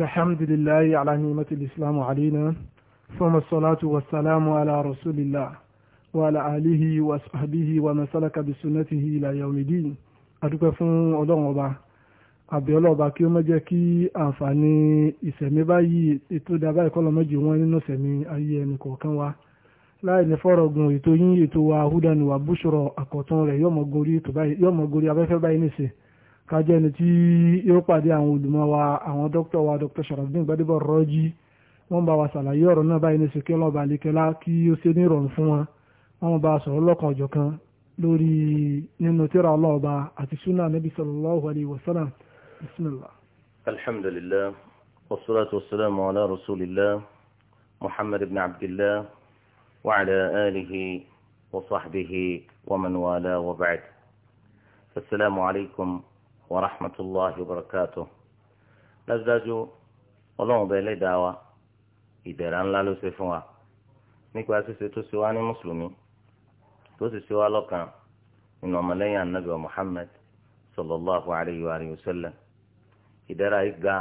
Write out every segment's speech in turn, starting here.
الحمد لله على نعمة الإسلام علينا ثم الصلاة والسلام على رسول الله وعلى آله وصحبه ومن سلك بسنته إلى يوم الدين adúpẹ́ fún ọlọ́run ọba àbí ọlọ́ọ̀ba kí ó má jẹ́ kí àǹfààní ìsẹ̀mí báyìí ètò ìdábà ìkọlọ́mọ́jì wọn nínú ìsẹ̀mí ayé ẹnì kọ̀ọ̀kan wa láì ní fọ́rọ̀gùn ètò yín ètò wa húdàní wa búṣọ̀rọ̀ àkọ́tún rẹ̀ yọ̀mọ̀górí abẹ́fẹ́ báyìí nìṣẹ́ kájẹ́ ni tí yóò pàdé àwọn olùmọ̀ wa àwọn dókítà wa dókítà Sharafdin Gbadebo Rọ́jí wọ́n bá wa ṣàlàyé ọ̀rọ̀ náà báyìí ní sèké lọ́ba àlékẹ́lá kí ó ṣe ní ìrọ̀rùn fún wọn wọ́n bá a sọ̀rọ̀ lọ́kàn ọ̀jọ̀kan lórí nínú tíra ọlọ́ọ̀ba àti sunnah nabi sallallahu alayhi wa sallam bismillah. alhamdulillah wasalaatu wasalaamu ala rasulillah muhammad ibn abdillah wa ala alihi wa sahbihi wa man wala wa ba'd. asalaamu alaykum wa rahmatulahi wa barakatu dájúdájú ọlọ́run bẹ́ẹ̀ lẹ́dàá wa ìdẹ̀ra ńlá ló ṣe fún wa nípa ṣíṣe tó ṣe wá ní mùsùlùmí tó sì ṣe wá lọ́kàn nínú ọmọlẹ́yìn anabi wa muhammed sallallahu alayhi wa sallam ìdẹ̀ra yìí ga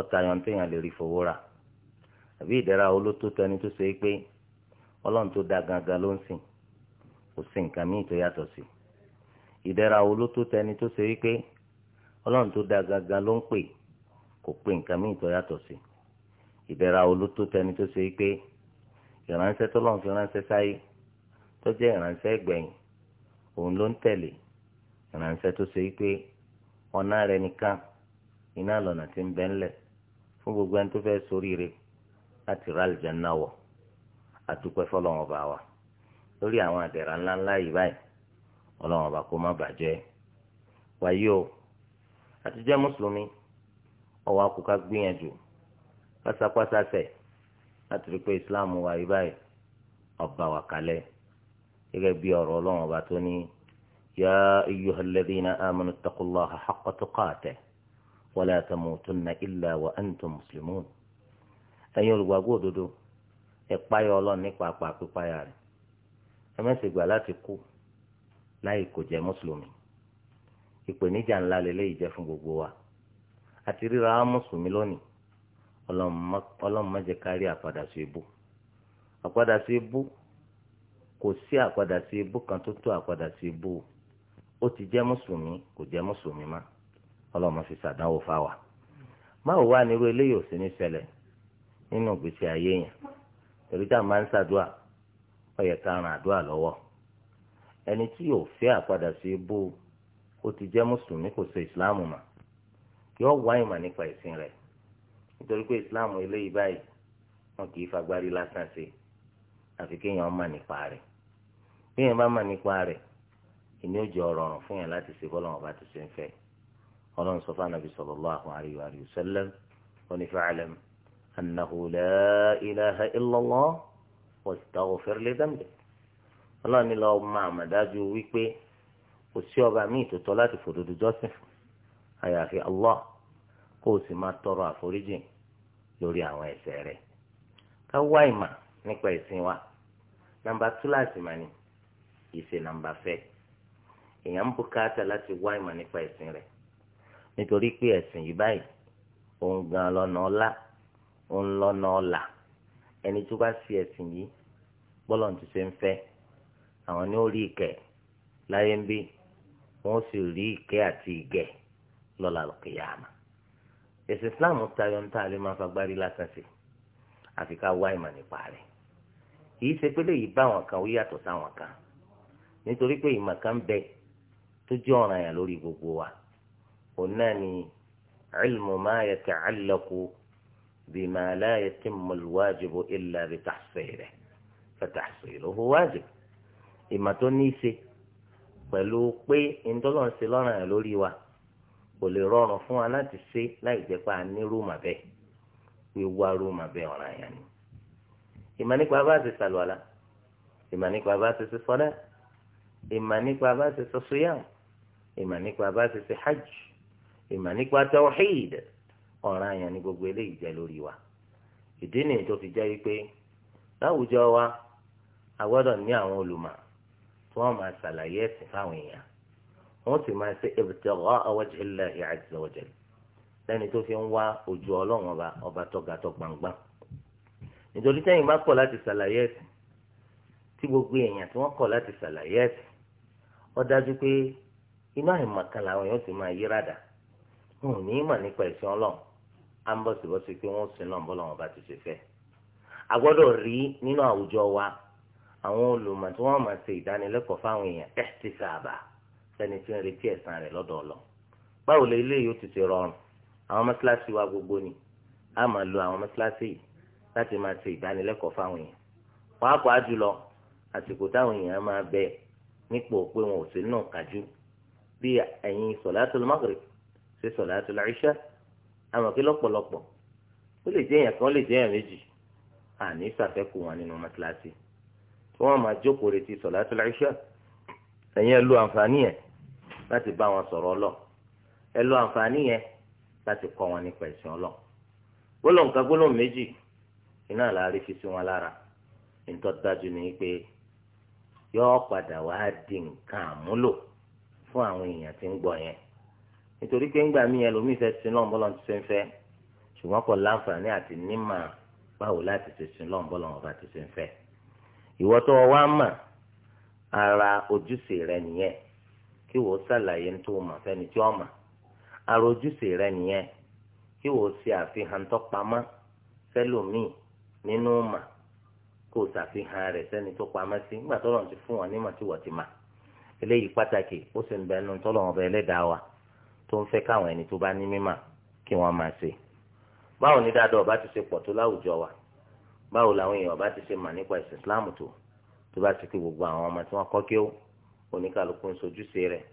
ọ̀tá yọ̀ǹtẹ̀yàn lè rí fowó rà àbí ìdẹ̀ra olótó tẹni tó ṣe é pé ọlọ́run tó da gangan ló ń sìn kò sí nǹkan míì tó yàtọ̀ sí i. idera ló tó tẹni tó ṣe wípé ọlọ́run tó da gaga ló ń pè kò pè nǹkan míì tó yàtọ̀ sí ìdẹ̀ra ló tó tẹni tó ṣe wípé ìránṣẹ́ tó lọ́n fi ránṣẹ́ sáyé tó jẹ́ ìránṣẹ́ ìgbẹ̀yìn òun ló ń tẹ̀lé ìránṣẹ́ tó ṣe wípé ọ̀nà nìkan iná lọ́nà ń ńlẹ̀ fún gbogbo ẹni tó fẹ́ soríire láti àdúpẹ́ bá wa lórí àwọn àdẹ̀rà ńláńlá yìí báyìí ọlọ́run ọba kó má bàjẹ́ wàyí o àti jẹ́ mùsùlùmí ọwọ́ akùkà gbìyànjú pásápásásẹ̀ láti rí pé islam wà yí báyìí ọba wà kalẹ̀ gẹ́gẹ́ bí ọ̀rọ̀ ọlọ́run ọba tó ní yá ayyuhal ladhina amanu ittaqullaha haqqa tuqatih wala tamutunna illa wa antum muslimun ẹ̀yin olùgbàgbọ́ òdodo ẹ páyà ọlọ́run nípa àpà pípáyà rẹ̀ ẹ gbà láti kú láì kò jẹ́ mùsùlùmí ìpèníjà ńlá lélẹ́yìí jẹ fún gbogbo wa àti ríra mùsùlùmí lónìí ọlọ́run má jẹ́ kárí àpadà sí ibú àpadà sí ibú kò sí àpadà sí ibú kan tó tó àpadà sí ibú ó ti jẹ mùsùlùmí kò jẹ mùsùlùmí má ọlọ́run má fi ṣàdánwò fáwa báwo wá nírú eléyìí ò sí ní nínú yẹn máa ń àdúà ẹni tí yóò fẹ́ àpadà sí ibú ó ti jẹ́ mùsùlùmí kò so ìsìláàmù mà yóò wá ìmọ̀ nípa ìsìn rẹ̀ nítorí pé ìsìláàmù eléyìí báyìí wọn kì í fagbárí lásán ṣe àfi kéèyàn mà nípa rẹ̀ kéèyàn bá mà nípa rẹ̀ ìní ó jẹ́ ọ̀rọ̀rùn fún yàn láti ṣe bọ́lá wọn bá ti ṣe ń fẹ́ ọlọ́run sọ fún anabi sallallahu alayhi wa sallam ó ní fa'lam annahu la ilaha illallah wastaghfir li dhanbik ọlọ́run ní lọ́ọ́ máa mọ̀ dájú wípé kò sí ọba míì tó tọ́ láti fòdodo jọ́sìn àyàfi Allah kó o sì máa tọrọ àforíjì lórí àwọn ẹ̀ṣẹ̀ rẹ̀ ká wá ìmọ̀ nípa ìsìn wa nàmbà túláàsì mà ní ìṣe nàmbà fẹ́ èèyàn ń bùkátà láti wá ìmọ̀ nípa ìsìn rẹ̀ nítorí pé ẹ̀sìn yìí báyìí òun gan lọ́nà ọlá òun lọ́nà ọlà ẹni tó bá sí ẹ̀sìn yìí bọ́lọ̀ ti ṣe ń fẹ́ àwọn ní ó rí ìkẹ́ láyé ń bí wọ́n sì rí ìkẹ́ àti ìgẹ̀ lọ́la kìyàmà ẹ̀sìn islam tayọ ń tà lè máa fagbárí lásán sí àfi ká wá ìmọ̀ nípa rẹ̀ kìí ṣe pé léyìí bá àwọn kan ó yàtọ̀ sáwọn kan nítorí pé ìmọ̀ kan bẹ tó jẹ́ ọ̀ràn yẹn lórí gbogbo wa òun náà ni ilmu ma yata'allaqu bima la yatimmu al-wajibu illa bi tahsilihi fa tahsiluhu wajib. ìmọ̀ tó ní í ṣe pẹ̀lú pé ìdọ́lọ́ ń ṣe lọ́rùn ẹ̀ lórí wa kò lè rọrùn fún wa láti ṣe láì jẹ́ pé a ní rúùmù abẹ́ wíwá rúùmù abẹ́ ọ̀ràn àyàn ni. ìmọ̀ nípa bá ṣe ṣàlùwàlà ìmọ̀ nípa bá ṣe ṣe sọ́dá ìmọ̀ nípa bá ṣe ṣe ṣúyàm ìmọ̀ nípa bá ṣe ṣe hajj ìmọ̀ nípa ni gbogbo eléyìí jẹ́ lórí wa. ìdí nìyí tó fi jẹ́ wípé láwùjọ wa ní àwọn olùmọ̀ tí wọ́n máa ṣàlàyé ẹ̀sìn fáwọn èèyàn wọ́n sì máa ṣe ibtigha'a wajhillahi azza wa jalla lẹ́ni tó fi ń wá ojú ọlọ́run ọba ọba tọ́ga tó gbangba nítorí tẹ́yìn bá kọ̀ láti ṣàlàyé ẹ̀sìn tí gbogbo èèyàn tí wọ́n kọ̀ láti ṣàlàyé ẹ̀sìn ó dájú pé iná ìmọ̀kan làwọn èèyàn ti máa yíradà wọn ò ní ìmọ̀ nípa ẹ̀sìn ọlọ́run á ń bọ̀ síbọ̀ sí pé wọ́n sin náà bọ́lọ́run ọba ti ṣe fẹ́ a rí nínú àwùjọ wa àwọn olùmọ̀ tí wọ́n máa ṣe ìdánilẹ́kọ̀ọ́ fáwọn èèyàn tẹ́sítì sáàbà sẹ́ni tí ń retí ẹ̀san rẹ̀ lọ́dọ̀ ọ̀lọ́ báwo lè ilé yóò ti ti rọrùn àwọn mọ́sálásí wa gbogbo ni a máa lo àwọn mọ́sálásí yìí láti máa ṣe ìdánilẹ́kọ̀ọ́ fáwọn èèyàn pàápàá jùlọ àsìkò táwọn èèyàn máa bẹ nípò pé wọn ò sí náà kájú bí ẹ̀yin sọ̀látùl àní ìsàfẹ́kù wọn nínú mọ́sálásí kí wọ́n máa jókòó retí sọ̀látùl ìṣà ẹ̀yin ẹ lo àǹfààní yẹn láti bá wọn sọ̀rọ̀ ọlọ́ ẹ lo àǹfààní yẹn láti kọ́ wọn nípa ẹ̀sìn ọlọ́ gbólóhùn kan gbólóhùn méjì iná làárí fi sí wọn lára nítorí dájú ni pé yóò padà wá di nǹkan àmúlò fún àwọn èèyàn tí ń gbọ́ yẹn nítorí pé ńgbà míì ẹlòmíì fẹ́ sin lọ́n bọ́lọ́n ti ṣe ń fẹ́ ṣùgbọ́n láǹfààní àti nímà báwo láti ṣe sin lọ́n bọ́lọ́n ọba ti ṣe ń ìwọ tó wá mà ara ojúṣe rẹ nìyẹn kí wò ó ṣàlàyé tó mà fẹ́ni tí ó mà ara ojúṣe rẹ nìyẹn kí wò ó ṣe àfihàn tó pamọ́ fẹ́lòmíì nínú mà kó o ṣàfihàn rẹ̀ sẹ́ni tó pamọ́ sí nígbà tó lọ́n ti fún wọn nímọ̀ tí wọ́n ti mà eléyìí pàtàkì ó sì ń bẹ ẹnu tọ́lọ̀ ọ̀bẹ ẹlẹ́dàá wa tó ń fẹ́ káwọn ẹni tó bá ní mímà kí wọ́n máa ṣe báwo ni dáadọ́ ọba ti ṣe pọ̀ tó láwùjọ wa báwo làwọn èèyàn bá ti ṣe mà nípa ẹ̀sìn islam tó tó bá ti gbogbo àwọn ọmọ tí wọ́n kọ́ kí ó oníkàlùkù ń sojúṣe rẹ̀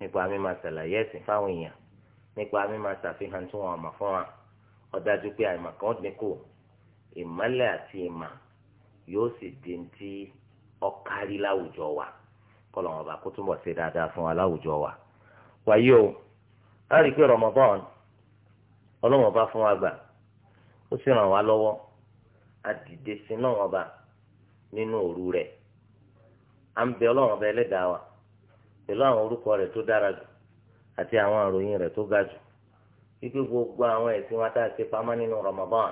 nípa mímọ̀ ṣàlàyé ẹ̀sìn fáwọn èèyàn nípa mímọ̀ ṣàfihàn tí wọ́n mọ̀ fún wa ó pé àìmọ̀ kan àti ìmọ̀ yóò sì di ti láwùjọ wa kó ṣe dáadáa fún wa láwùjọ wa. o a rí i pé ọlọ́wọ́n bá fún wa gbà ó sì ràn wá lọ́wọ́ adìde sí náà wọn bá nínú òru rẹ̀ à ń bẹ ọlọ́run ọba ẹlẹ́dàá wa pẹ̀lú àwọn orúkọ rẹ̀ tó dára jù àti àwọn àròyìn rẹ̀ tó ga jù wípé gbogbo àwọn ẹ̀sìn wa tá a ṣe pamọ́ nínú Ramadan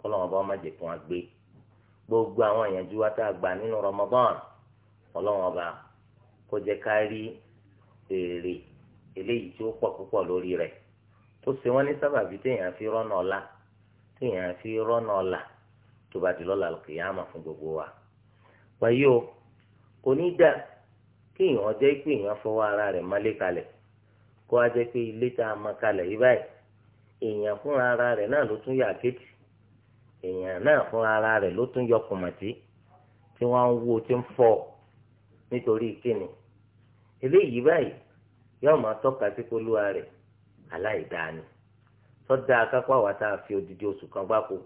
kọ́lọ́run ọba má kí wọ́n gbé gbogbo àwọn ìyànjú wa tá a gbà nínú Ramadan ọlọ́run ọba kó jẹ́ ká rí èrè eléyìí tí ó pọ̀ púpọ̀ lórí rẹ̀ tó ṣe tó bá di lọ́la kìyàmà fún gbogbo wa. wáyé o kò ní dá kí èèyàn jẹ́ pé èèyàn fọwọ́ ara rẹ̀ lé kalẹ̀ kó wá jẹ́ pé ilé tá a mọ kalẹ̀ yí báyìí èèyàn fúnra ara rẹ̀ náà ló tún yà kéètì èèyàn náà fúnra ara rẹ̀ ló tún yọ kùmọ̀tì tí wọ́n ń wo tí ń fọ́ nítorí kíni eléyìí báyìí yóò máa tọ́ka sí polúwa rẹ̀ aláìdáni tọ́da akápá wa tá a fi odidi oṣù kan gbáko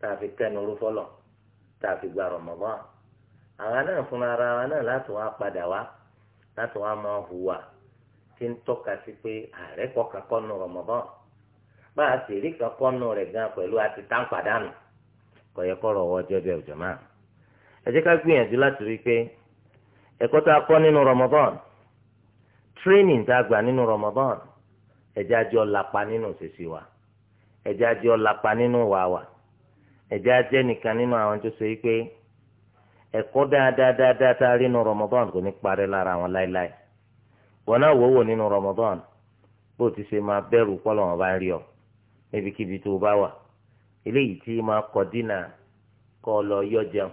tààfi kẹnu rúfọlọ tààfi gba Ramadan àwa náà fúnra ara wa náà láti wá padà wá láti wá máa hùwà tí ń tọ́ka sí pé ààrẹ kọ́ka kọ́nu Ramadan bá a sì rí kan kọ́nu rẹ̀ gan pẹ̀lú àti táǹpàdánù kọ̀yẹ́ kọ́rọ̀ ọwọ́ jẹ́bẹ̀ ọ̀jọ̀ ẹ jẹ́ ká gbìyànjú láti rí i pé ẹ̀kọ́ tá a kọ́ nínú Ramadan training tá a gbà nínú Ramadan ẹ̀jẹ̀ àjọ lapa nínú òṣèṣì wa ẹ̀jẹ̀ àjọ lapa nínú wàá wa. ẹjẹ ajẹ nìkan nínú àwọn tó so yìí pé ẹ̀kọ́ dáadáa dáadáa tá kò ní parẹ́ lára àwọn láéláé wọn náà wò nínú Ramadan bó ti ṣe máa bẹ̀rù pọlọ wọn bá ń rí ọ níbikíbi tó bá wà eléyìí tí máa kọ dínà kọ lọ yọ jẹun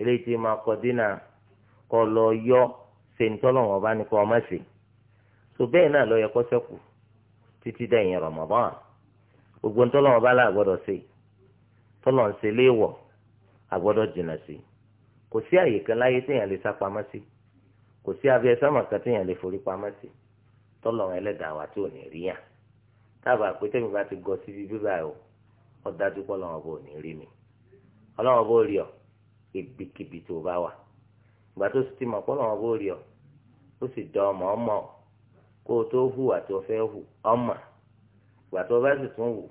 eléyìí tí máa kọ dínà kọ lọ yọ sèǹtọ́lọ̀ wọn bá ní kọ ọmọ so bẹ́ẹ̀ náà lọ yẹ gbogbo wọn bá tọ́lọ̀ ń ṣe léèwọ̀ àgbọ́dọ̀ jìnnà sí kò sí àyè kan láyé téèyàn lè sá pamọ́ sí kò sí abẹ́ sámà kan téèyàn lè forí pamọ́ sí tọ́lọ̀ ń ẹlẹ́dàá wa tí ò ní rí yàn tábà pé tẹ́mi bá ti gọ síbi bíbá o ọ dájú pé ọlọ́wọ́n bò ní rí mi ọlọ́wọ́n bò rí ọ ibikíbi tó bá wà ìgbà tó sì ti mọ̀ pé ọlọ́wọ́n bò rí ọ ó sì dán ọmọ ọmọ kó o tó hùwà tó fẹ́ hù ọmọ ìgbà tó bá sì tún hù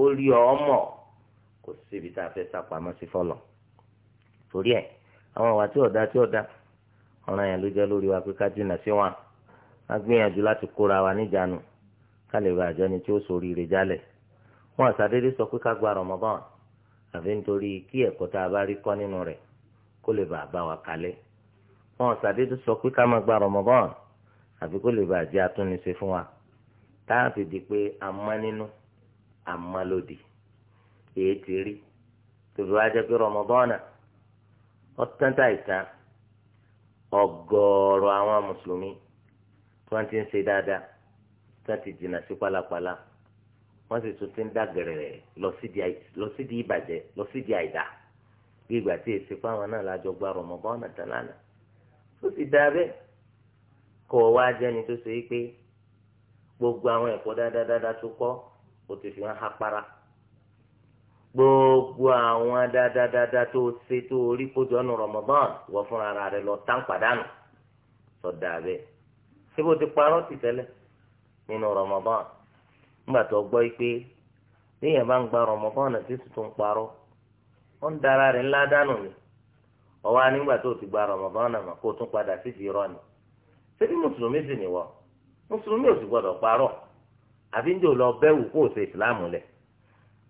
ó rí ọ ọmọ kò síbi tá a fẹ́ sá pamọ́ sí fọlọ́ torí ẹ̀ àwọn àwa tí ọ̀dà tí ọ̀dà ọ̀ràn yẹn ló jẹ́ lórí wa pé ká jìnnà sí wọn á gbìyànjú láti kóra wa níjànú ká lè bàjẹ́ ni tí ó sórí rẹ̀ jálẹ̀ wọn àṣàdédé sọ pé ká gba Ramadan àfi nítorí kí ẹ̀kọ́ tá a bá rí kọ́ nínú rẹ̀ kó lè bàa bá wa kalẹ̀ wọn àṣàdédé sọ pé ká má gba Ramadan àfi kó lè bàjẹ́ atúnisẹ fún wa táà fi di pé amánínú amálòdì èyí ti rí tòbí wá jẹ́ pé rọmọbọ́nà ọ̀tán táìtàn ọ̀gọ̀ọ̀rọ̀ àwọn mùsùlùmí tí wọ́n ti ń ṣe dáadáa tí wọ́n ti jìnnà sí pálapàla wọ́n sì tún ti ń dàgẹ̀rẹ̀ lọ ìbàjẹ́ lọ àìdá bí gba rọmọbọ́nà tán lánàá sì kọ́ ọ wá jẹ́ni tó ṣe é pé gbogbo àwọn ẹ̀kọ́ dáadáa tó kọ́ ó ti fi wọn gbogbo àwọn dáadáa tó ṣe tó orí kójọ nù Ramadan wọ fún ara rẹ lọ tán padànù sọdà bẹ ṣé bó ti parọ́ ti tẹ́lẹ̀ nínú Ramadan nígbà tó gbọ́ pé níyẹn bá ń gba Ramadan àti tuntun parọ́ wọ́n ń dara ńlá dànù ni ọwọ́ anígbà tó ti gba Ramadan àmọ́ kó tún padà sí ti rọ́ ni ṣé bí mùsùlùmí sì nìwọ mùsùlùmí ò sì gbọdọ̀ parọ́ àbí ń jò lọ bẹ́wù kó o ṣe ìsìláàmù lẹ̀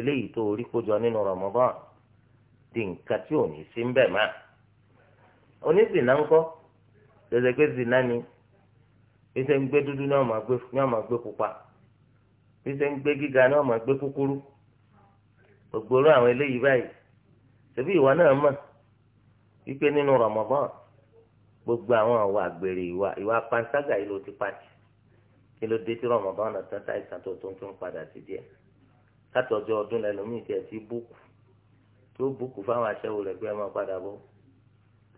eléyìí tó orí kójọ nínú Ramadan di nǹkan tí ò ní sí ń bẹ̀ máa oníṣìnà ń kọ́ ṣẹ̀ṣẹ̀ pé ṣìnà ni fíṣẹ́ ń gbé dúdú ní ọmọ àgbé ní ọmọ àgbé pupa fíṣẹ́ ń gbé gíga ní ọmọ àgbé kúkúrú ògbóró àwọn eléyìí báyìí ṣebí ìwà náà mọ̀ wípé nínú Ramadan gbogbo àwọn àwọ àgbèrè ìwà ìwà panṣágà yìí ló ti pàṣẹ kí ló dé tí Ramadan náà tán táìsàn tó ń tún padà sí díẹ̀ láti ọjọ́ ọdún lẹ́lọ́mìn tiẹ̀ ti búkù tó búkù fáwọn aṣẹ́wó rẹ̀ pé ẹ máa padà bọ̀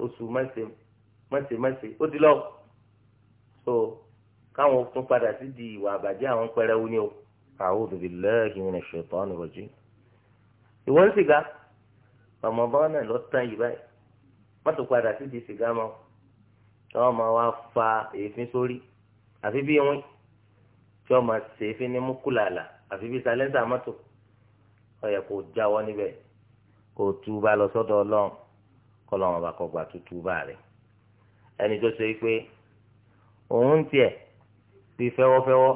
oṣù mẹ́sẹ̀ mẹ́sẹ̀ mẹ́sẹ̀ ó ti lọ so káwọn tún padà sí di ìwà àbàjẹ́ àwọn pẹrẹwu ni o. a'udhu billahi minash shaitani rajim. ìwọ ń sìgá ọmọ bá wọn náà lọ tán yìí báyìí wọn tún padà sí di sìgá mọ táwọn máa wá fa èéfín sórí àfi bí wọn tí wọn máa ṣe èéfín ní múkúlàlà àfi bí salẹ́ńsà mọ́tò ó yẹ kó jáwọ́ níbẹ̀ kó túbà lọ sọ́dọ̀ ọlọ́run kọ́ lọ́wọ́n bá kọ́ gbà tó túbà rẹ̀ ẹni tó ṣe pé òun tiẹ̀ bí fẹ́wọ́fẹ́wọ́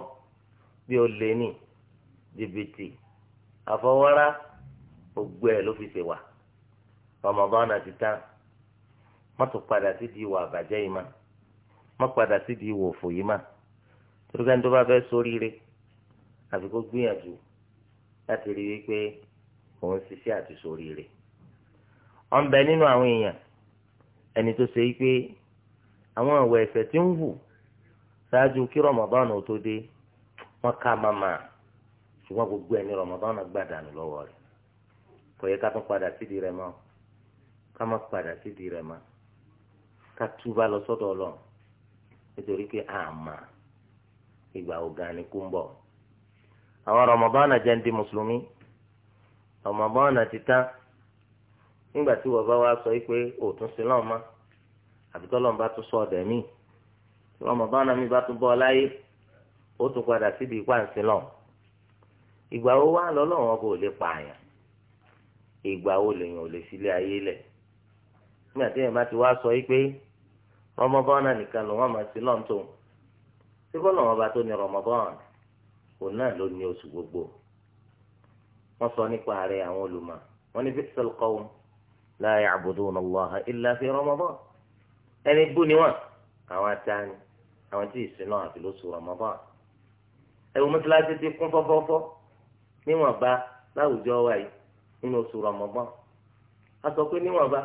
bí ó lé ní jìbìtì àfọwọ́rá gbogbo ẹ̀ ló fi ṣe wà Ramadan ti tán má tún padà sí di ìwà àbàjẹ́ yìí má má padà sí di ìwà òfò yìí má torí ká tó bá fẹ́ sóríire àfi kó gbìyànjú láti rí wípé òun ṣiṣẹ́ àti sórí rẹ̀ ọ̀n bẹ nínú àwọn èèyàn ẹni tó ṣe wípé àwọn ọ̀wọ̀ ẹ̀fẹ̀ tí ń wù ṣáájú kí Ramadan ó tó dé wọ́n ká màmá ṣùgbọ́n gbogbo ẹni Ramadan gbàdánù lọ́wọ́ rẹ̀ kò yẹ ká tún padà sídìí rẹ̀ mọ́ ká má padà sídìí rẹ̀ mọ́ ká túbà lọ sọ́dọ̀ Ọlọ́run nítorí pé àmà ìgbà ògàn ni kú ń bọ̀. àwọn rọmọbọ́nà jẹ́ ń mùsùlùmí rọmọbọ́nà ti nígbà tí sọ pé òtún sí lọ́wọ́ mọ́ àbí lọ́wọ́ bá tún sọ ọ̀dẹ̀ mí tí rọmọbọ́nà mi bá tún bọ́ láyé ó tún padà síbi ìgbà wo wá kò lè pààyàn ìgbà wo lèèyàn ò lè sílé sọ pé rọmọbọ́nà nìkan lòun àmọ́ sí ṣé wọn bá tó ní rọmọbọ́nà òun náà ló ní oṣù gbogbo wọn sọ nípa rẹ àwọn olùmọ̀ wọn ní bi'sal qawm la ya'buduna Allaha illa fi Ramadan ẹni bú ni wọn àwọn atani àwọn tí ìsinú àti lóṣù Ramadan ẹwù mọ́tíláṣí ti kún fọ́fọ́fọ́ níwọ̀nba láwùjọ wa yìí nínú oṣù Ramadan a sọ pé níwọ̀nba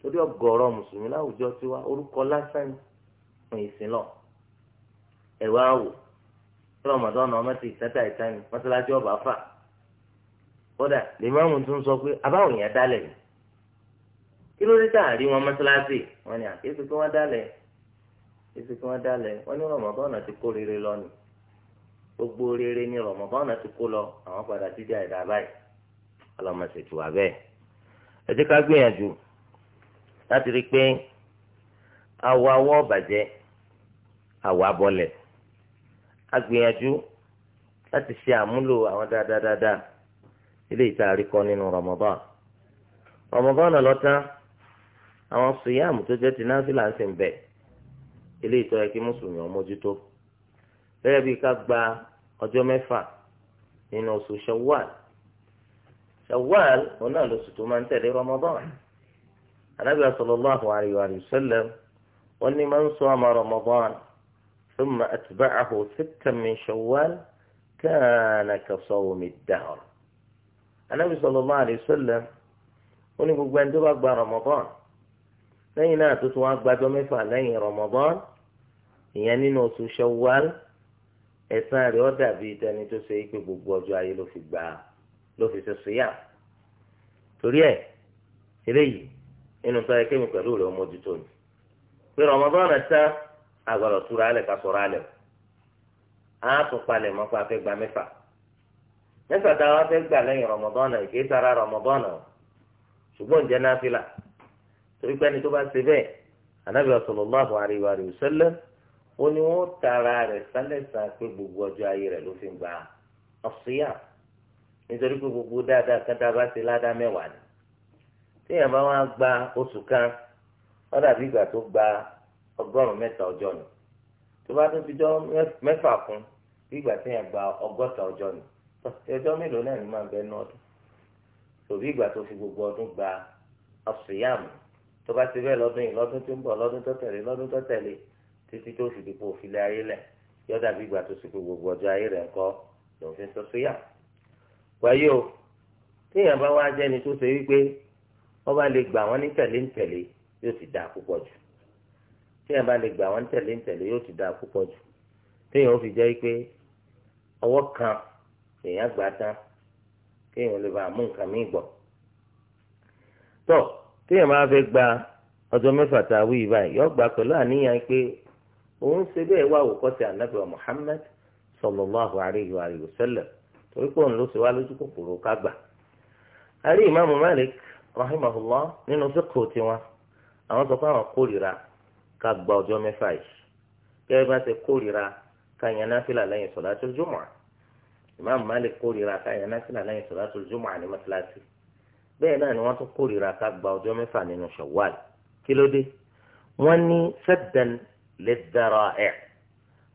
torí ọ̀gọ̀rọ̀ mùsùlùmí láwùjọ tiwa orúkọ lásán ní ìsìn lọ wò rọmọdọ́nà ọmọ ti sẹ́tà ìtàn ni mọ́sálásí ọba fà kódà lèmọ́ọ̀mù tún sọ pé abáwọn èèyàn dálẹ̀ ni kí ló dé tá à rí wọn mọ́sálásí wọn ni àkéésì kí wọ́n dálẹ̀ kéésì kí wọ́n dálẹ̀ wọ́n ní rọmọdọ́nà ti kó rere lọ ni gbogbo rere ni rọmọdọ́nà ti kó lọ àwọn padà ti di àìdá báyìí ọlọmọṣètò àbẹ́ẹ̀ ẹ jẹ́ ká gbìyànjú láti rí i pé awọ awọ bàjẹ́ awọ abọ́lẹ̀ agbìyànjú láti ṣe àmúlò àwọn dáadáa ilé ìtaàrí kọ nínú Ramadan Ramadan náà lọ́tán àwọn sùyàmù tó jẹ́ ti náfìlà ń sìn bẹ̀ ilé ìtọ́ yẹ kí mùsùlùmí ọmọjútó bẹ́ẹ̀ bí ká gba ọjọ́ mẹ́fà nínú oṣù Shawwal Shawwal òun náà lóṣù tó máa ń tẹ̀lé Ramadan Ànábì sallallahu alayhi wa sallam wọ́n ní máa ń sọ àmà Ramadan. ثم أتبعه ستا من شوال كان كصوم الدهر النبي صلى الله عليه وسلم وني gbogbo ẹni tó bá gba rọmọdán lẹ́yìn náà tó tún wá gbàjọ mẹ́fà lẹ́yìn rọmọdán ìyẹn nínú oṣù ṣọwọl ẹ̀san rẹ̀ ó dàbí tẹni tó ṣe pé gbogbo ọjọ́ ayé ló fi gbà ló fi ṣe ṣùyà torí ẹ̀ eléyìí nínú tó yẹ kémi pẹ̀lú rẹ̀ ó mójútó ni pé rọmọdán ẹ̀ tán agbọ́dọ̀ túra alẹ̀ ká sọ̀rọ̀ alẹ̀ o á tún palẹ̀ mọ́ pé a fẹ́ gba mẹ́fà mẹ́fà tá a wá fẹ́ gbà lẹ́yìn rọmọdọ́nà kìí sara rọmọdọ́nà o ṣùgbọ́n jẹ́ náfìlà torí pé ẹni tó bá ṣe bẹ́ẹ̀ anábìyà sallallahu alaihi wa sallam ó ní wọ́n tara rẹ̀ sálẹ̀ sàn pé gbogbo ọjọ́ ayé rẹ̀ ló fi ń ọ̀ṣíyà nítorí pé gbogbo dáadáa kan bá ṣe ládàá mẹ́wàá ni téèyàn bá wá gba oṣù kan ó ìgbà tó gba ọgọ́rùn-ún mẹ́ta ọjọ́ ni tó bá tún fi jọ mẹ́fà kún ìgbà tí yẹn gba ọgọ́ta ni ọjọ́ mélòó náà ni máa bẹ ní ọdún tòbí ìgbà tó fi gbogbo ọdún gba ọ̀sùnyàmù tó bá ti bẹ́ẹ̀ lọ́dún yìí lọ́dún tó ń bọ̀ lọ́dún tó tẹ̀lé lọ́dún tó tẹ̀lé títí tó fi òfin lé ayé lẹ̀ gbogbo ọjọ́ ayé rẹ̀ kọ́ o téèyàn bá wá jẹ́ni tó ṣe wípé wọ́n bá lè gbà wọ́n ní tẹ̀lé téèyàn bá lè gbà wọn tẹ̀lé ń tẹ̀lé yóò ti dáa púpọ̀ jù téèyàn ó fi jẹ́ pé ọwọ́ kan èèyàn gbà tán kéèyàn lè bá mú nǹkan míì gbọ́. tó téèyàn máa fẹ́ gba ọjọ́ mẹ́fà tá a wí báyìí yọ gbà pẹ̀lú àníyàn pé òun ṣe bẹ́ẹ̀ wá òkọ́sẹ̀ ànábì wa Muhammad sallallahu alayhi wa sallam torí pé òun ló ṣe wá lójú kòkòrò ká gbà. a rí ìmáàmù Malik rahimahullah nínú fíkò tiwọn àwọn sọ fún àwọn kórìíra ká gba ọjọ́ mẹ́fà yìí gẹ́gẹ́ bá ṣe kórìíra ká yan náfìlà lẹ́yìn sọ̀látùl jumu'ah ìmáàmù Malik kórìíra ká yan náfìlà lẹ́yìn sọ̀látùl jumu'ah ní mọ́tíláṣí bẹ́ẹ̀ náà ni wọ́n tún kórìíra ká gba ọjọ́ mẹ́fà nínú Shawwal kí ló dé wọ́n ní saddan lid-dara'i'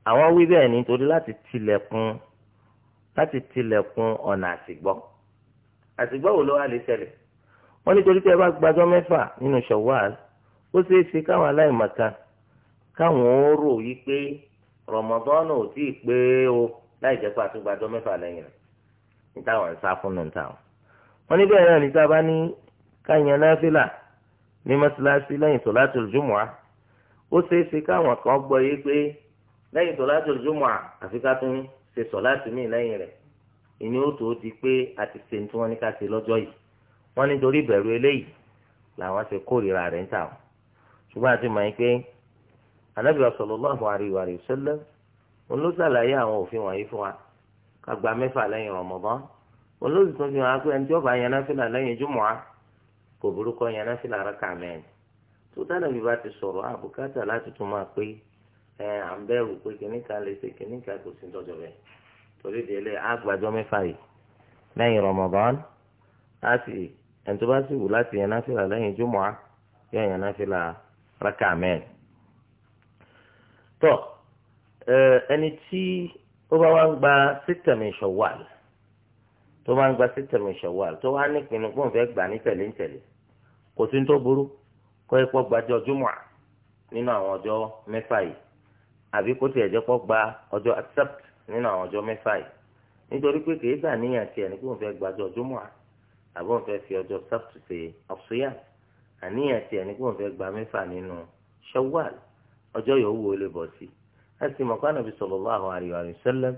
àwọn wí bẹ́ẹ̀ ni torí láti tilẹ̀kùn ọ̀nà àtìgbọ́ àtìgbọ́ wo ló wà lè ṣẹlẹ̀ wọ́n ní torí pé ó ṣeé ṣe káwọn aláìmọ̀kan káwọn ó rò wípé rọmọdọ́nù ò tíì pé o láì jẹ́ pé àtúgbàdọ́ mẹ́fà lẹ́yìn rẹ̀ ní táwọn ń sá fún nù táwọn. wọ́n ní bẹ́ẹ̀ náà ní sábà ní káyàn náfìlà ní mọ́ṣáláṣí lẹ́yìn sọ̀látùl jùmùà ó ṣeé ṣe káwọn kan gbọ́ yé pé lẹ́yìn sọ̀látùl jùmùà àfi ká tún ṣe sọ̀látù míì lẹ́yìn rẹ̀ ìní ó tó di pé a ti ṣe ní tí wọ́n ní ká ṣe lọ́jọ́ yìí wọ́n nítorí ìbẹ̀rù eléyìí làwọn ṣe kórìíra rẹ̀ ń táwọn ṣùgbọ́n àti mọ̀ pé anabi sallallahu alaihi wa sallam òun ló ṣàlàyé àwọn òfin wọ̀nyí fún wa ká gba mẹ́fà lẹ́yìn Ramadan òun ló sì tún fi hàn pé ẹni tí ó bá yan náfìlà lẹ́yìn jùmọ̀á kò burúkọ yan náfìlà rákà mẹ́rin tó tánàbí bá ti sọ̀rọ̀ àbùkátà láti tún máa pé ẹ à ń bẹ̀rù pé kìnnìkan lè ṣe kìnnìkan kò sí dọ́jọ́ bẹ́ẹ̀ torí délé àgbàjọ mẹ́fà yìí lẹ́yìn Ramadan á ẹni tó bá sì wù láti yan náfìlà lẹ́yìn jùmọ̀á yóò yan náfìlà rákà mẹ́rin tó ẹni tí ó bá wá ń gba sítẹ̀mì Shawwal tó bá ń gba sítẹ̀mì Shawwal tó wá nípinnu pọ̀ fẹ́ gbà ní tẹ̀lé ń tẹ̀lé kò sí ní tó burú kọ́ ẹ pọ́ gbàjọ́ júmọ̀ nínú àwọn ọjọ́ mẹ́fà yìí àbí kó tiẹ̀ jẹ́ pọ́ gba ọjọ́ accept nínú àwọn ọjọ́ mẹ́fà yìí nítorí pé kì í bà níyàn tiẹ̀ ní kí fẹ́ gbàjọ́ júmọ̀ àbí fẹ́ fi ọjọ́ sábtù ṣe ọ̀ṣùyà àníyàn tiẹ̀ ní kí wọ́n fẹ́ gba mẹ́fà nínú Shawwal ọjọ́ yòówù ó lè bọ̀ sí a sì mọ̀ kánàbí sallallahu alaihi wa sallam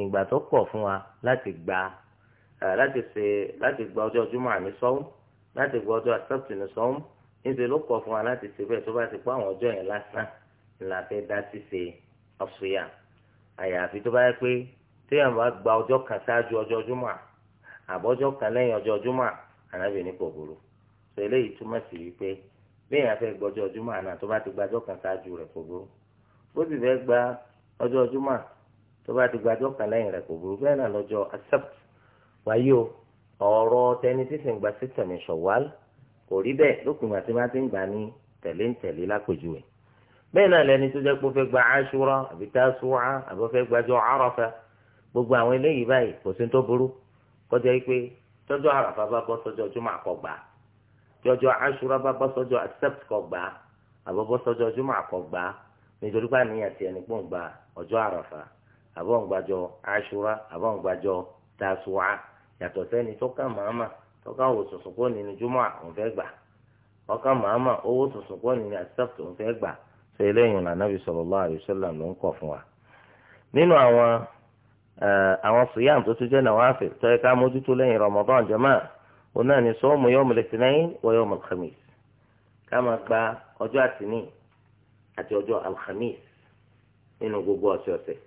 ìgbà tó pọ̀ fún wa láti gba láti ṣe láti gba ọjọ́ júmọ̀ àmì sọ́hún láti gba ọjọ́ àṣàtì ní sọ́hún níṣẹ́ ló pọ̀ fún wa láti ṣe bẹ́ẹ̀ tó bá ti pọ̀ àwọn ọjọ́ yẹn lásán ńlá fẹ́ dá ṣíṣe ọ̀ṣùyà àyàfi tó bá yẹ pé téèyàn bá gba ọjọ́ kan ṣáájú ọjọ́ júmọ̀ àbọ̀jọ́ kan lẹ́yìn ọjọ́ júmọ̀ ànábìíní tẹ̀lé ìtumọ̀ sí wípé béèyàn fẹ́ gbọ́jọ́ ọdúnmọ̀ àná tó bá ti gbàjọ́ kan ṣáájú rẹ̀ kò burú bó sì fẹ́ gba ọjọ́ ọdúnmọ̀ tó bá ti gbàjọ́ kan lẹ́yìn rẹ̀ kò burú bẹ́ẹ̀ náà lọ́jọ́ accept wáyé o ọ̀rọ̀ tẹni tí sì ń gba sítẹ̀mì ṣọ̀wál kò rí bẹ́ẹ̀ lókùnrin àti má ti ń gbà ní tẹ̀lé ń tẹ̀lé lápèjúwe bẹ́ẹ̀ náà lẹni tó jẹ́ pé ó fẹ́ gba aṣúra àbí tásúwá jọjọ aṣura bá bọ́ sọ́jọ́ accept kọ gbà àbọ̀ bọ́ sọ́jọ́ jùmọ̀ kọ gbà nítorí pé àníyàn tiẹ̀ ní pọ́n gba ọjọ́ àràfà àbọ̀ ń gbàjọ aṣura àbọ̀ ń gbàjọ tasuwa yàtọ̀ sẹ́ni tọ́ka màmá tọ́ka owó tuntun kò ní ní jùmọ̀ òun fẹ́ gbà tọ́ka màmá owó tuntun kò ní ní accept òun fẹ́ gbà ṣe eléyìí ní anábì sallallahu alaihi wasallam ló ń kọ̀ fún wa. nínú àwọn eh, àwọn sùyàm tó tún jẹ́ nàwáfẹ̀ tọ́ òun náà ní sọ́ọ̀mù yọ̀ọ̀mù lẹ́tìnẹ́yìn wọ yọ̀ọ̀mù alhamis ká máa gba ọjọ́ àtìní àti ọjọ́ alhamis nínú gbogbo ọ̀sẹ̀ ọ̀sẹ̀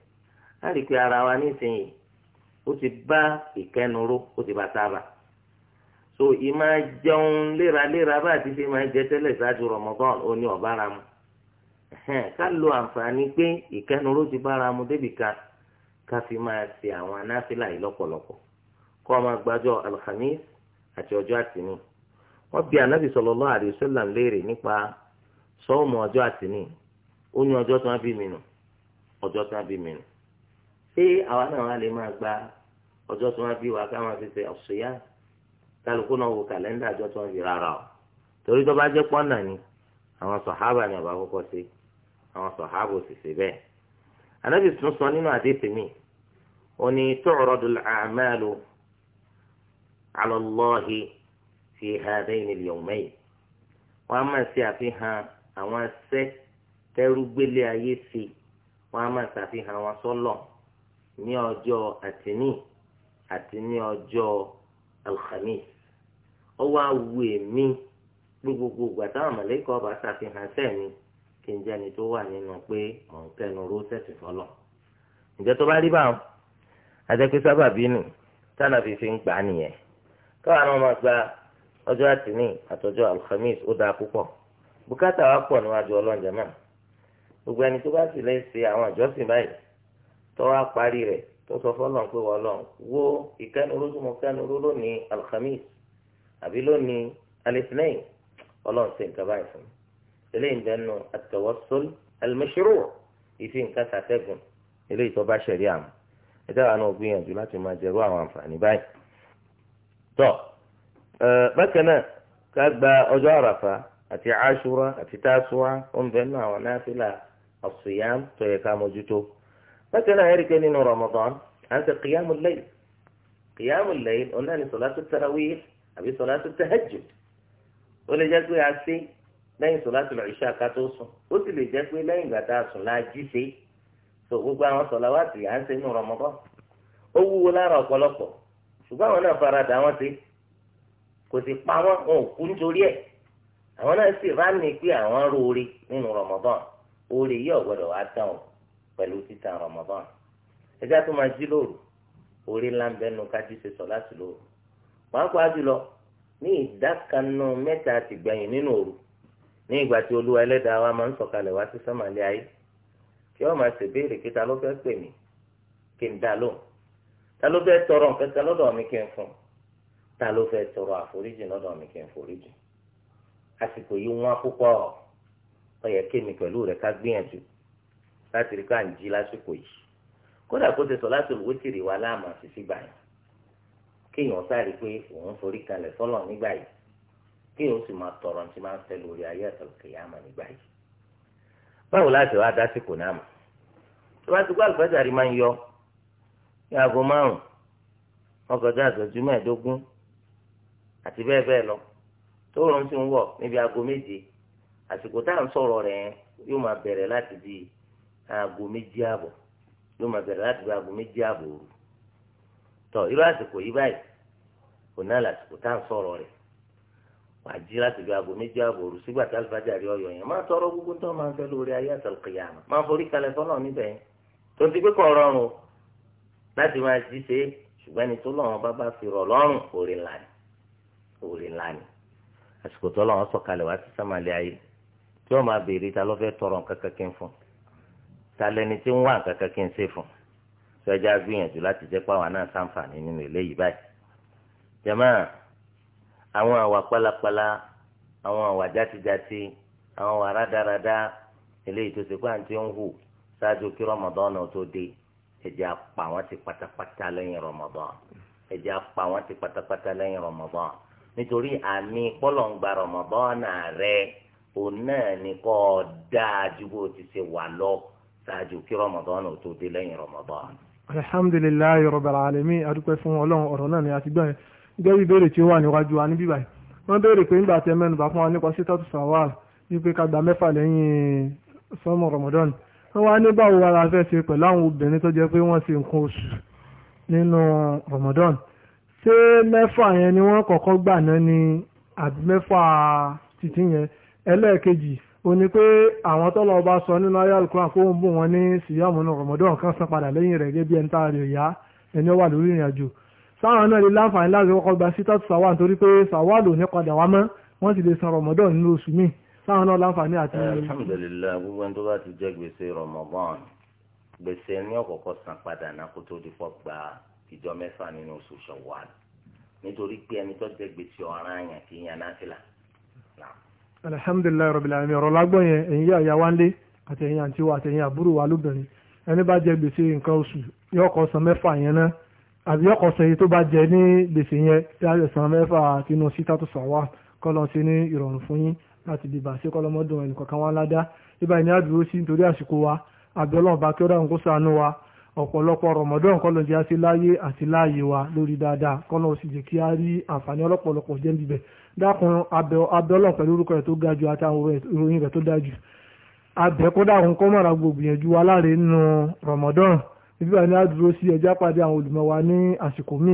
á rí i pé ara wa nísìnyí ó ti bá ìkẹnuró ó ti bá sábà so ìmọ̀ jẹun léraléra bá ti fi máa jẹ tẹ́lẹ̀ ṣáájú Ramadan ó ní ọ̀bára mu ká pé ìkẹnuró ti bára mu débì kan ká fi àwọn anáfíà yìí lọ́pọ̀lọpọ̀ kọ́ ọ alhamis àti ọjọ́ àtìní wọ́n bi anabi sallallahu alaihi wasallam léèrè nípa sọ́ọ̀mù ọjọ́ àtìní ó ní ọjọ́ tí wọ́n bí mi nù ọjọ́ tí wọ́n bí mi nù ṣé àwa náà wá lè máa gba ọjọ́ tí wọ́n bí wa ká máa fi ṣe ọ̀ṣùyá kálukú náà wo kàlẹ́ndà ọjọ́ tí wọ́n bí rárá o torí tó bá jẹ́ pọ́nà ni àwọn sàhábà ni àbá kọ́kọ́ ṣe àwọn sàhábà sì ṣe bẹ́ẹ̀ anabi sọ nínú àdéhùn mi ò ní tu'radu al على الله في هذين اليومين وما سيفيها أما سك تربلي أيسي وما سيفيها وصلى ní ọjọ́ àtìní àti ní ọjọ́ alhamis ọwọ́ awu èmi pé gbogbo ìgbà táwọn mọ̀lẹ́kọ̀ ọba ṣàfihàn sẹ́mi kí n jẹ́ni tó wà nínú pé òun kẹnu ró sẹ́sì fọlọ́ ǹjẹ́ tó bá rí báwọn àjẹpẹ́ sábàbí nù tánà ń gbà nìyẹn káwọn ọmọ gba ọjọ́ àtìní àtọjọ́ alhamis ó dáa púpọ̀ bùkátà wa pọ̀ níwájú ọlọ́njẹ náà gbogbo ẹni tó bá sì lè ṣe àwọn àjọsìn báyìí tó wá parí rẹ̀ tó sọ fọlọ́n pé wọ́n lọ wo ìkẹnuró tó mọ kẹnuró lónìí alhamis àbí lónìí alẹ́sìnẹ́yìn ọlọ́run ṣe nǹkan báyìí fún mi eléyìí ń dẹnu àtẹwọ́sọ́lù alimẹ́ṣirò ìfi nǹkan ṣàtẹ́gùn eléyìí tó bá ṣẹ̀rí àmọ́ ẹ̀dá tọ́ bákan náà ká gba ọjọ́ àràfà àti aṣúra àti tásúwá ó ń bẹ́ẹ̀ náà àwọn náfìlà ọ̀sùnyàm tó yẹ ká mójútó bákan náà ẹ̀ríkẹ́ nínú Ramadan à ń ṣe qiyamul layl qiyamul layl òun náà ni sọ̀látù tarawih àbí sọ̀látù tahajjud ó lè jẹ́ pé a ṣe lẹ́yìn sọ̀látù ìṣá ká tó sùn ó sì lè jẹ́ pé lẹ́yìn ìgbà tá a sùn la jí ṣe gbogbo àwọn sọ̀lá wá sí à ń ṣe nínú Ramadan ó wúwo lára ọ̀pọ̀lọpọ̀ ṣùgbọ́n àwọn náà faradà wọn ti kò sì pa wọn wọn ò kú nítorí ẹ̀ àwọn náà sì rá ní pé àwọn róore nínú Ramadan oore yìí ọ̀gbọ́dọ̀ wá tán o pẹ̀lú títan Ramadan ẹjá tó máa jí lóru oore ńlá ń bẹnu kájí ṣe sọ láti lóru wọn kó ájú lọ ní ìdákanu mẹ́ta ti gbẹ̀yìn nínú òru ní ìgbà tí olúwa ẹlẹ́dàá wa máa ń sọ̀kalẹ̀ wá sí sọ́màlẹ́ ayé kí wọ́n máa ṣèbéèrè kíta ló fẹ́ pè mí kí n dá lóhùn ta ló fẹ́ tọrọ nǹkan kan lọ́dọ̀ mi kí n fún ta ló fẹ́ tọrọ àforíjì lọ́dọ̀ mi kí n foríjì àsìkò yìí wọ́n púpọ̀ ó yẹ kémi pẹ̀lú rẹ̀ ká gbìyànjú láti rí ká ń jí lásìkò yìí kódà kó ti sọ láti olùwé tìrì wa láàmú àṣìṣe gbà yẹn kéèyàn sáré pé òun forí kalẹ̀ sọ́lọ̀ nígbà yìí kéèyàn sì máa tọrọ ní ti máa ń fẹ́ lórí ayé àtàlùkìyàmà nígbà yìí báwo láti wá dásìkò náà mọ̀ tó bá ti gbọ́ àlùfáàjà rí máa ń yọ ní aago márùn ọgọ́jọ́ àtọ́jú mẹ́ẹ̀ẹ́dógún àti bẹ́ẹ̀ bẹ́ẹ̀ lọ tó rọrùn sí ń wọ̀ níbi aago méje àsìkò tá à ń sọ̀rọ̀ rẹ̀ yóò máa bẹ̀rẹ̀ láti di aago méjì ààbọ̀ yóò máa bẹ̀rẹ̀ láti di aago méjì ààbọ̀ òru tọ̀ irú àsìkò yìí báyìí kò náà làsìkò tá à ń sọ̀rọ̀ rẹ̀ wàá jí láti di aago méjì ààbọ̀ òru sígbà tá àlùfáàjà rí ọyọ yẹn máa tọrọ gbogbo tó máa ń fẹ́ lórí ayé àtàlùkìyàmù máa forí kalẹ̀ fọ́nà níbẹ̀ yẹn tó ti gbé kọ̀ rọrùn o láti máa jí ṣe ṣùgbọ́n ẹni tó lọ́wọ́ bá bá fi rọ̀ lọ́rùn òrìn ńlá ni òrìn ńlá ni àsìkò tó lọ́wọ́ sọ̀kalẹ̀ wá sí sàmàlẹ́ ayé tí wọ́n máa béèrè ta ló fẹ́ tọrọ nǹkan kankan fún ta lẹni tí ń wá nǹkan kankan ṣe fún sọjá gbìyànjú láti jẹ́ pàwọn náà sàǹfààní nínú eléyìí báyìí jàmá àwọn àwà pálapàla àwọn àwà játijáti àwọn àwà rádaràda eléyìí tó ṣe pé à ń ti ẹjẹ́ apá wọn ti pátápátá lẹ́yìn Ramadan ẹjẹ́ apá wọn ti pátápátá lẹ́yìn Ramadan nítorí àmì pọ́lọ̀ǹgbà Ramadan náà rẹ òun náà ní kọ́ ọ dáa ju bó ti ṣe wà lọ ṣáájú kí Ramadan ò tó dé lẹ́yìn Ramadan. alhamdulilayi rabbil alamin adúpẹ́ fún ọlọ́run ọ̀rọ̀ náà ni a ti gbọ́ yẹn gẹ́gẹ́ bí ìbéèrè tí ó wà níwájú wa ní bíbáyìí wọ́n béèrè pé nígbà tí ẹ mẹ́nu fún wa nípa sítátù sawal wípé wọ́n wá ní báwo wa la fẹ́ ṣe pẹ̀lú àwọn obìnrin tó jẹ́ pé wọ́n ṣe nǹkan oṣù nínú Ramadan ṣé mẹ́fà yẹn ni wọ́n kọ́kọ́ gbà náà ni àbí mẹ́fà títí yẹn ẹlẹ́ẹ̀kejì ó ní pé àwọn tọ́lọ̀ ọba sọ nínú ayé alukóran kó ń bù wọn ní síyàmù náà Ramadan kan san padà lẹ́yìn rẹ̀ gẹ́gẹ́ bí ẹni tá a rè ẹni wà lórí ìrìn àjò sáwọn náà lè láǹfààní láti kọ́kọ́ gba sítọ́tù sàwà nítorí pé sàwà lò ní padà wá mọ́ wọ́n sì lè san Ramadan nínú oṣù míì sáwọn náà láǹfààní àti. Eh, alhamdulilayi gbogbo ẹni tó bá ti jẹ gbèsè Ramadan gbèsè ní ọ̀kọ̀ọ̀kọ̀ san padà náà kó tó di fọ́ gba ìjọ mẹ́fà nínú oṣù Ṣawwal nítorí pé ẹni tó jẹ gbèsè ọ̀ràn àyàn kì í yan náà sílà. alhamdulilayi rabbil alamin ọ̀rọ̀ lágbọ́n yẹn èyí àyà wá ń lé àtẹ̀yìn àti wa àtẹ̀yìn àbúrò wa lóbìnrin ẹni bá jẹ gbèsè nǹkan oṣù yọkọ̀ san mẹ́fà yẹn náà àbí ọkọ̀ sẹ́yìn tó bá jẹ ní gbèsè yẹn tí láti bí bàṣẹ kọlọmọdún ẹnì kọ̀ọ̀kan wa ládá ibà ní àdúró sí nítorí àsìkò wa àbí ọlọ́run bá kí ọ̀dà ń kó sànú wa ọ̀pọ̀lọpọ̀ rọ̀mọ́dún kọ́ ló ń jẹ́ àti láyé àti láàyè wa lórí dáadáa kọ́ ló sì jẹ́ kí a rí àǹfààní ọlọ́pọ̀lọpọ̀ jẹ́ níbẹ̀ dákun abẹ ọlọ́run pẹ̀lú orúkọ rẹ̀ tó ga jù àtàwọn ìròyìn rẹ̀ tó dáa jù abẹ kọ́ a dúró sí ẹjá pàdé àwọn